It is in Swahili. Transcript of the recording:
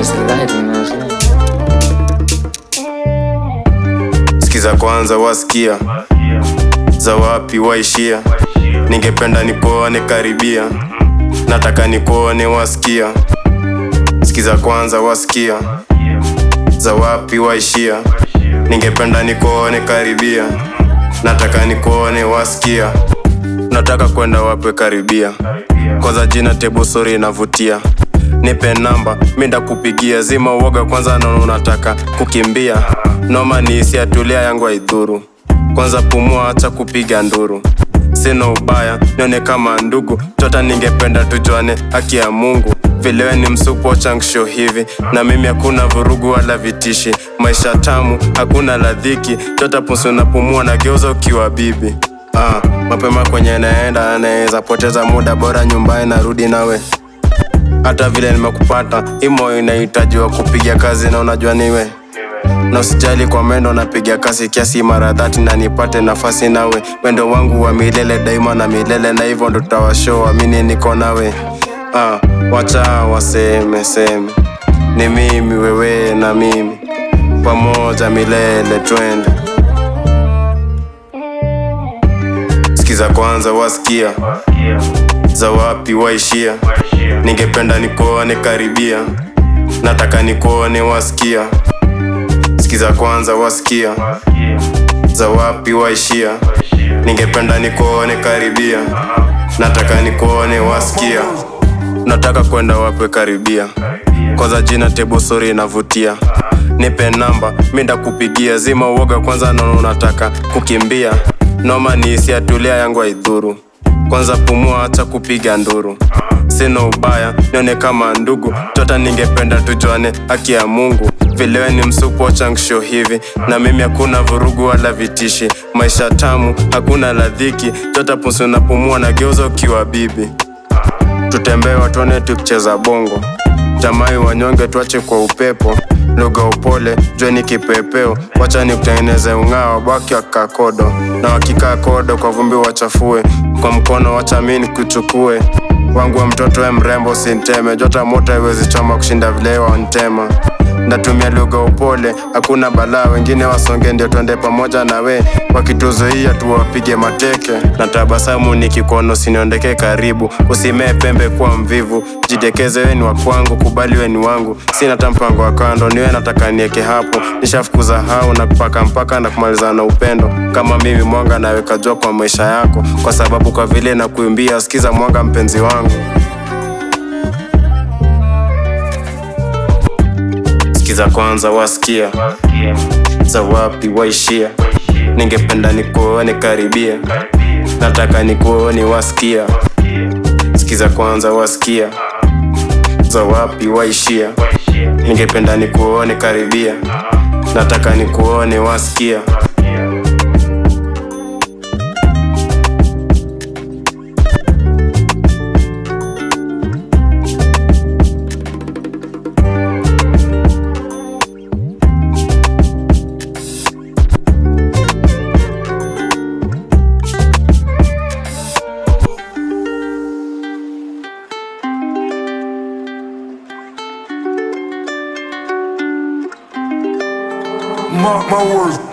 naye style Sikiza kwanza wasikia za wapi waishia, ningependa nikuone karibia, nataka nikuone wasikia. Sikiza kwanza wasikia za wapi waishia, ningependa nikuone karibia, nataka nikuone wasikia. Nataka kwenda wapi karibia, kwanza jina tebo inavutia nipe namba, mi ndakupigia zima uoga kwanza, naona unataka kukimbia. Noma ni hisia tulia yangu haidhuru, kwanza pumua, acha kupiga nduru. Sina ubaya, nione kama ndugu tota, ningependa tujuane, haki ya Mungu vilewe ni msupu changsho hivi na mimi, hakuna vurugu wala vitishi, maisha tamu, hakuna ladhiki tota, pusu na pumua na geuza ukiwa bibi. Ah, mapema kwenye naenda, anaweza poteza muda, bora nyumbani narudi nawe hata vile nimekupata. Hii moyo inahitaji wa kupiga kazi, na unajua niwe na usijali kwa mendo, napiga kasi kiasi mara dhati, na nipate nafasi nawe, wendo wangu wa milele daima na milele, na hivyo ndo tawasho, mini niko nawe. Ah, wacha waseme seme, ni mimi wewe na mimi pamoja milele, twende. Sikiza kwanza, wasikia za wapi waishia. Ningependa nikuone karibia, nataka nikuone wasikia. Sikiza kwanza wasikia za wapi waishia. Ningependa nikuone karibia, nataka nikuone wasikia. Nataka kwenda wapi karibia, kwanza jina tebo sori inavutia Nipe namba mi ndakupigia, zima uoga kwanza, nono unataka kukimbia. Noma ni hisia, tulia yangu haidhuru kwanza pumua, hata kupiga nduru. Sina ubaya, nione kama ndugu tota, ningependa tujuane, haki ya Mungu. Vilewe ni msupu wa changsho hivi, na mimi hakuna vurugu wala vitishi. Maisha tamu, hakuna ladhiki, tota pusi unapumua na geuza ukiwa bibi. Tutembee watuone tukicheza bongo, tamai wanyonge tuache kwa upepo lugha upole, jweni kipepeo, wacha nikutengeneze ung'ao, baki wakakodo na wakikaa kodo, kwa vumbi wachafue, kwa mkono wacha mimi nikuchukue wangu wa mtoto we mrembo, sinteme jota moto haiwezi choma kushinda vile wa ntema natumia lugha upole, hakuna balaa. Wengine wasonge ndio twende pamoja na we, wakituzuia tuwapige mateke. Na tabasamu nikikuona usiniondeke karibu, usimee pembe kwa mvivu, jidekeze, we ni wa kwangu, kubali we ni wangu. Sina hata mpango wa kando, niwe nataka nieke hapo, nishafukuza hao na kupaka mpaka na kumaliza na upendo. Kama mimi mwanga naweka jua kwa maisha yako, kwa sababu kwa vile nakuimbia, sikiza mwanga mpenzi wangu. Mechi za kwanza wasikia za wapi waishia, ningependa nikuone karibia, nataka nikuone wasikia, za kwanza wasikia za wapi waishia, ningependa nikuone karibia, nataka nikuone wasikia mark my words.